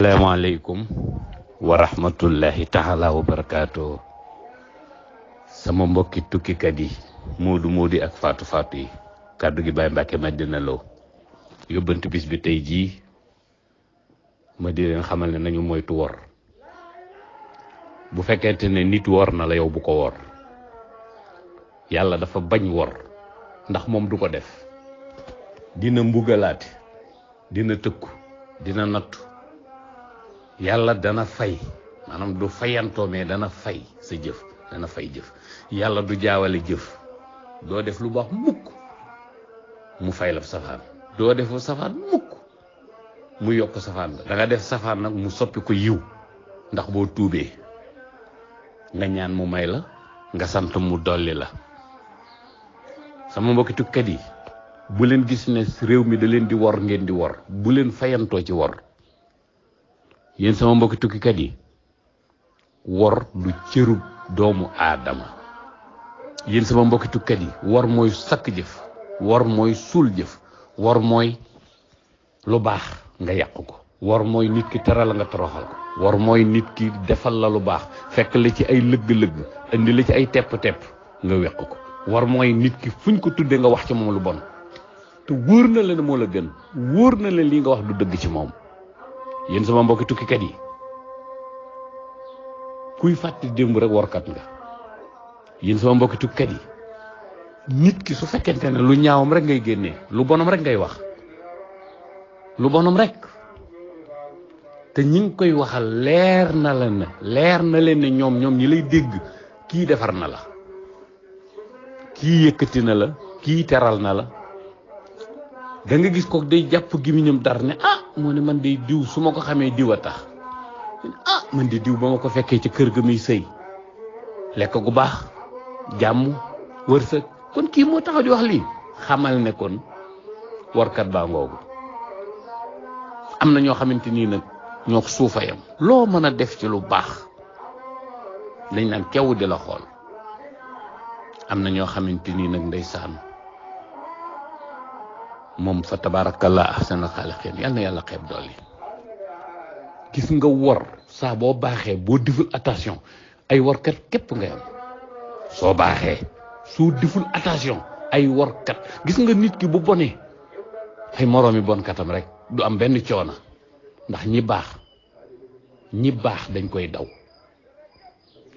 Assalamualaikum warahmatullahi taala wabarakatuh sama mbokki tukki kadi, mudu mudi ak fatu faatu kaddu gi Baye mbake Madina Lo Yobantu bis bi tay ji ma di len xamal nañu moytu wor bu fekkente ne nit wor na la yow bu ko wor Yalla dafa bañ wor ndax mom du ko def dina mbugalat dina tekk dina natou Yalla dana fay manam du fayanto me dana fay sa jëf dana fay jëf Yalla du jaawale jëf do def lu bax mukk mu fay la safar do defu safar mukk mu yok safar da nga def safar nak mu soppi ko yiw ndax bo tuubé nga ñaan mu may la nga sant mu dolli la sama mbokki tukkat bu len gis ne rew mi da len di wor ngeen di wor bu len fayanto ci wor yéen sama mbokki tukkikat yi wor lu cërub doomu aadama yéen sama mbokki tukkikat yi wor mooy sakk jëf wor mooy suul jëf wor mooy lu baax nga yàq ko wor mooy nit ki teral nga toroxal ko wor mooy nit ki defal la lu baax fekk la ci ay lëgg-lëgg indi la ci ay tepp-tepp nga weq ko war mooy nit ki fuñ ko tuddee nga wax ci moom lu bon te wóor na la moo la gën wóor na la lii nga wax du dëgg ci moom Yen sama tukki kat yi kuy fàttali démb rek warkat nga yeen sama tukki kat yi nit ki su fekkente ne lu ñaawam rek ngay génnee lu bonom rek ngay wax lu bonom rek te ñi ngi koy waxal leer na la ne leer na leen ne ñoom ñoom ñi lay dégg kii defar na la kii yëkkati na la kii teral na la da nga gis ko day jàpp dar ne ah moo ne man de diw su ma ko xamee diw a tax ah man de diw ba ma ko fekkee ci kër ga muy sëy lekk gu baax jàmm wërsëg kon kii moo tax di wax lii xamal ne kon warkat baa ngoogu am na ñoo xamante nii nag ñoo suufa yam loo mën a def ci lu baax dañ naan kew di la xool am na ñoo xamante nii nag ndeysaan mom fa tabarakallah ahsana xaaliqin yal yalla yàlla xeeb gis nga wor sa bo baxé bo deful attention ay kat kep nga yam so baxé soo deful attention ay kat gis nga nit ki bu boné ay bon katam rek du am ben ciona ndax ñi bax ñi bax dañ koy daw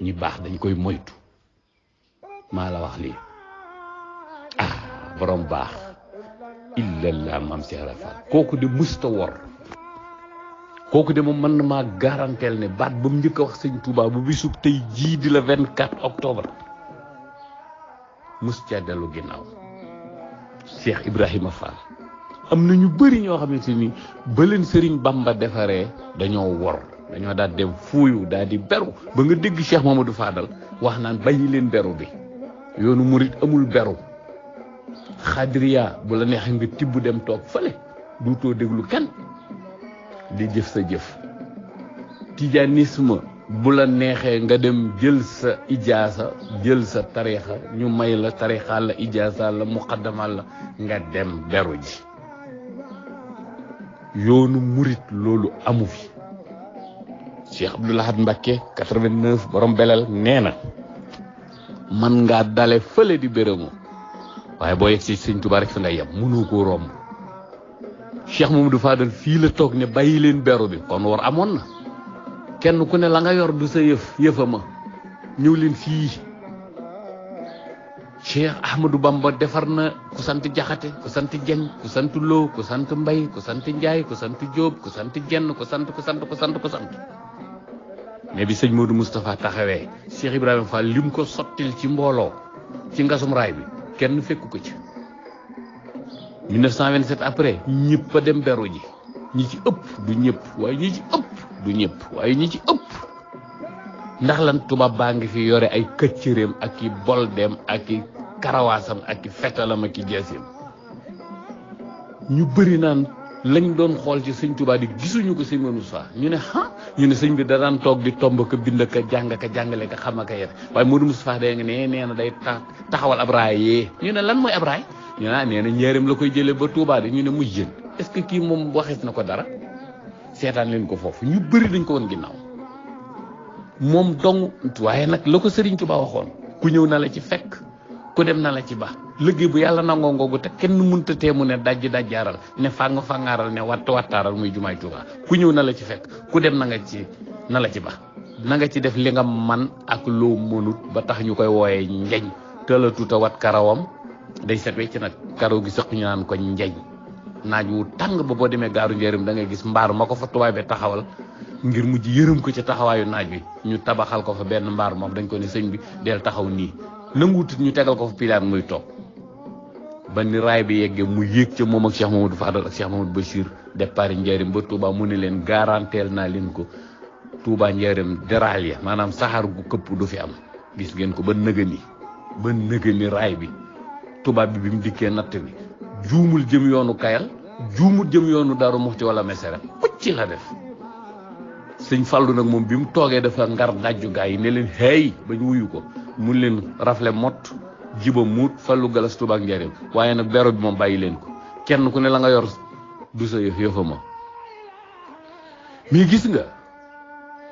ñi bax dañ koy moytu wax li ah borom bax illallah mam ci Ibra Fall kooku de musta wor kooku de moom mën na maa ne bat bu wax seigne Touba bu bisub tay ji di la 24 octobre musti delu ginaaw Cheikh Ibrahima Fall am na ñu bari ño xamanteni ba leen serigne Bamba defare, dañoo wor dañoo daal dem fuuyu daal di beru ba nga dégg Cheikh Mamadou Fadal wax naan bàyyi leen beru bi yoonu mourid amul beru xadriya bu la neexee nga tibb dem toog fële duutoo déglu kenn di jëf sa jëf tijanisme bu la neexee nga dem jël sa ijaasa jël sa tarixa ñu may la tarixa la ijaasa la muqaddama la nga dem beru ji yoonu murit loolu amu fi Cheikh Abdoul Ahad Mbacké 89 borom belal nee na man nga dale fële di bërëmu waaye boo yegg si sëñ Tuubaa rek fa ngay yem mënoo koo romb Cheikh Mamadou Fadal fii la toog ne bàyyi leen beru bi kon war amoon na kenn ku ne la nga yor du sa yëf yëfa ñëw leen fii Cheikh Ahmadou Bamba defar na ku sant Jaxate ku sant Jeng ku sant Lo ku sant Mbay ku sant Njaay ku sant Jóob ku sant Jenn ku sant ku sant ku sant ku sant bi sëñ Modou Moustapha taxawee Cheikh Ibrahima Fall lim ko sottil ci mbooloo ci ngasum raay bi kenn fekku ko ci 1927 après ñëpp a dem beru ji ñi ci ëpp du ñëpp waaye ñi ci ëpp du ñëpp waaye ñi ci ëpp ndax lan tubaab baa ngi fi yore ay këccëreem ak i dem, ak i karawaasam ak i fetalam ak i ñu bëri naan lañ doon xool ci sëñ Tuubaa di gisuñu ko sëñ Moussa ñu ne ah ñu ne sëñ bi da daan toog di tomb ka bind ka jàng ka jàngale ka xam ka yet waaye Modou Moustapha day ne nee na day taxawal ab raay yee ne lan mooy ab ñu ne ah, nee na njëriñ la koy jëlee ba Touba de ñu ne mujj yéen est ce que kii moom waxees na ko dara seetaan leen ko foofu ñu bëri dañ ko woon ginnaaw moom dong waaye nag la ko sëriñ Tuubaa waxoon ku ñëw na la ci fekk. ku dem na la ci ba liggey bu yalla nango ngogu te kenn munta te mu ne dajji dajjaral ne fàng fàngaaral ne wat wataral muy jumaay tuba ku ñew na la ci fek ku dem na nga ci na la ci ba na nga ci def li nga man ak lo mënut ba tax ñukoy woyé ñeñ wat karawam day set ci nak karaw gi sax ñu naan ko ñeñ naaj wu tang ba bo demee garu njërim da ngay gis mbar mako fa tubaay be taxawal ngir mujj yeureum ko ci taxawayu naaj bi ñu tabaxal ko fa ben mbar mom dañ ko ni señ bi del taxaw ni nanguwutit ñu tegal ko fa pilaar muy toog ba ni raay bi yeggee mu yéeg ca moom ak Cheikh Mamadou Fadal ak Cheikh Mamadou Bachir départ njaarim ba Touba mu ni leen garanteel naa leen ko tuubaa njaarim deraal ya maanaam saxaar gu këpp du fi am gis ngeen ko ba nëgë ni ba nëgë ni raay bi tubaab bi bi mu dikkee natt bi juumul jëm yoonu kayal juumul jëm yoonu daaru muxti wala mesere ci la def sëñ Fallou nag moom bi mu toogee dafa ngar dajju gaa ne leen hey ba ñu wuyu ko mun leen rafle mott jiba muut Fallou Galas Touba ak waaye nag bero bi moom bàyyi leen ko kenn ku ne la nga yor du sa yëf yëfa ma gis nga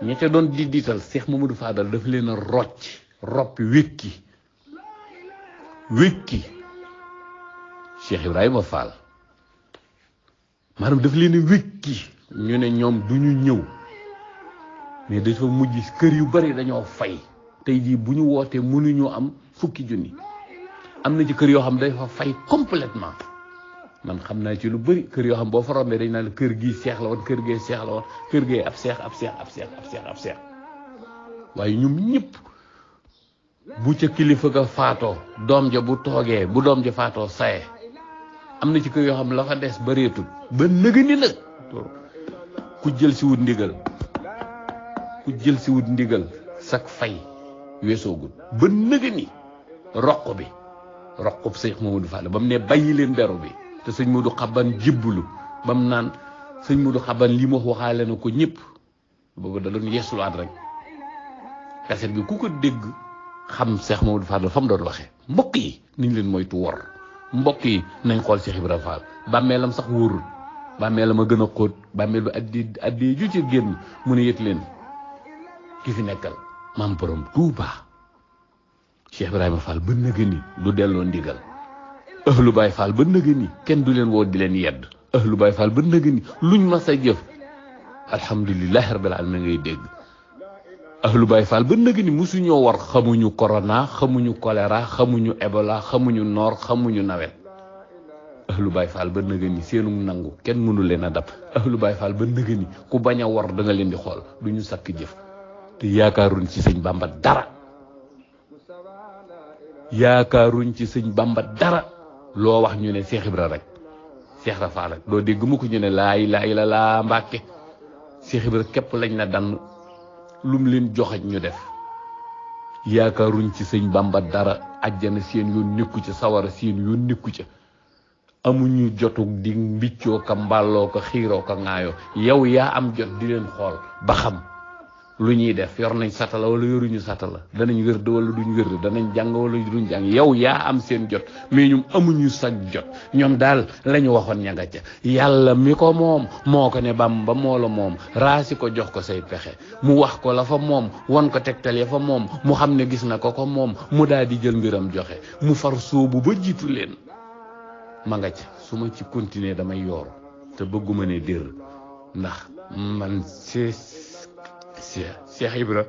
ña ca doon di diital Cheikh Mamadou Fadal dafa leen a rocc roppi wékki wékki Cheikh Ibrahima Fall maanaam dafa leen a wékki ñu ne ñoom du ñu ñëw mais dafa mujj kër yu bari dañoo fay tey jii bu ñu wootee mënuñu am fukki junni am na ci kër yoo xam dafa fay complètement man xam naa ci lu bari kër yoo xam boo fa rombee dañ naan kër gii seex la woon kër gee seex la woon kër gee ab seex ab seex ab seex ab seex ab seex waaye ñum ñëpp bu ca kilifa ga faatoo doom ja bu toogee bu doom ja faatoo saye am na ci kër yoo xam la fa des bareetul ba nëgë ni nag ku jël si wut ndigal ku jël si wut ndigal sak fay weesoogul ba nëga roq bi roqub sëñ Mamadou Fall ba mu ne bàyyi leen beru bi te sëñ Modou Xaban jibbulu ba mu naan sëñ du Xaban lii ma waxaale na ko ñëpp boobu da doon yeesluwaat rek kaset bi ku ko dégg xam Cheikh Mamadou Fall fa mu doon waxee mbokk yi niñ leen moytu wor mbokk yi nañ xool Cheikh Ibrahima Fall bàmmeelam sax wóorul bàmmeelam a gën a xóot bàmmeel bi addi addi ju ci génn mu ne yët leen ki fi nekkal maam borom tuuba cheikh ibrahima fall ba nëgë ni du delloo ndigal ëhlu bay fall ba nëgë ni kenn du leen woo di leen yedd ëhlu bay fall ba nëgë ni luñ ma sa jëf alhamdulilah rabbil alamin ngay dégg ahlu bay fall ba nëgë ni musu ñoo war xamuñu corona xamuñu choléra xamuñu ebola xamuñu noor xamuñu nawet ahlu bay fall ba nëgë ni seenum nangu kenn mënu leen a dab ahlu bay fall ba nëgë ni ku bañ a war da nga leen di xool duñu sakk jëf te yaakaaruñ ci sëñ bàmba dara yaakaaruñ ci sëñ bàmba dara loo wax ñu ne Seex Ibra rek Seex Rafaa rek doo dégg ko ñu ne laa ilaaha illallaah Mbàkke Seex Ibra képp lañ na dann lum leen joxañ ñu def yaakaaruñ ci sëñ bàmba dara àjjana seen yoon nekku ca sawara seen yoon nekku ca amuñu jotug di mbiccoo ka mbàlloo ko xiiroo ko ŋaayoo yow yaa am jot di leen xool ba xam lu ñuy def yor nañ satala wala yoruñu satala danañ do wala duñ wërd danañ jang wala duñ jang yow ya am seen jot mais ñum amuñu jot ñom dal lañu waxon ñanga ca yalla mi ko mom moko ne bam ba mo mom rasi ko jox ko say pexé mu wax ko la fa mom won ko tektal ya fa mom mu xamne gis na ko ko mom mu di jël mbiram joxé mu far soobu ba jitu len ma nga ca suma ci continuer damay yor te bëgguma ne dir ndax man c'est se c'est horrible.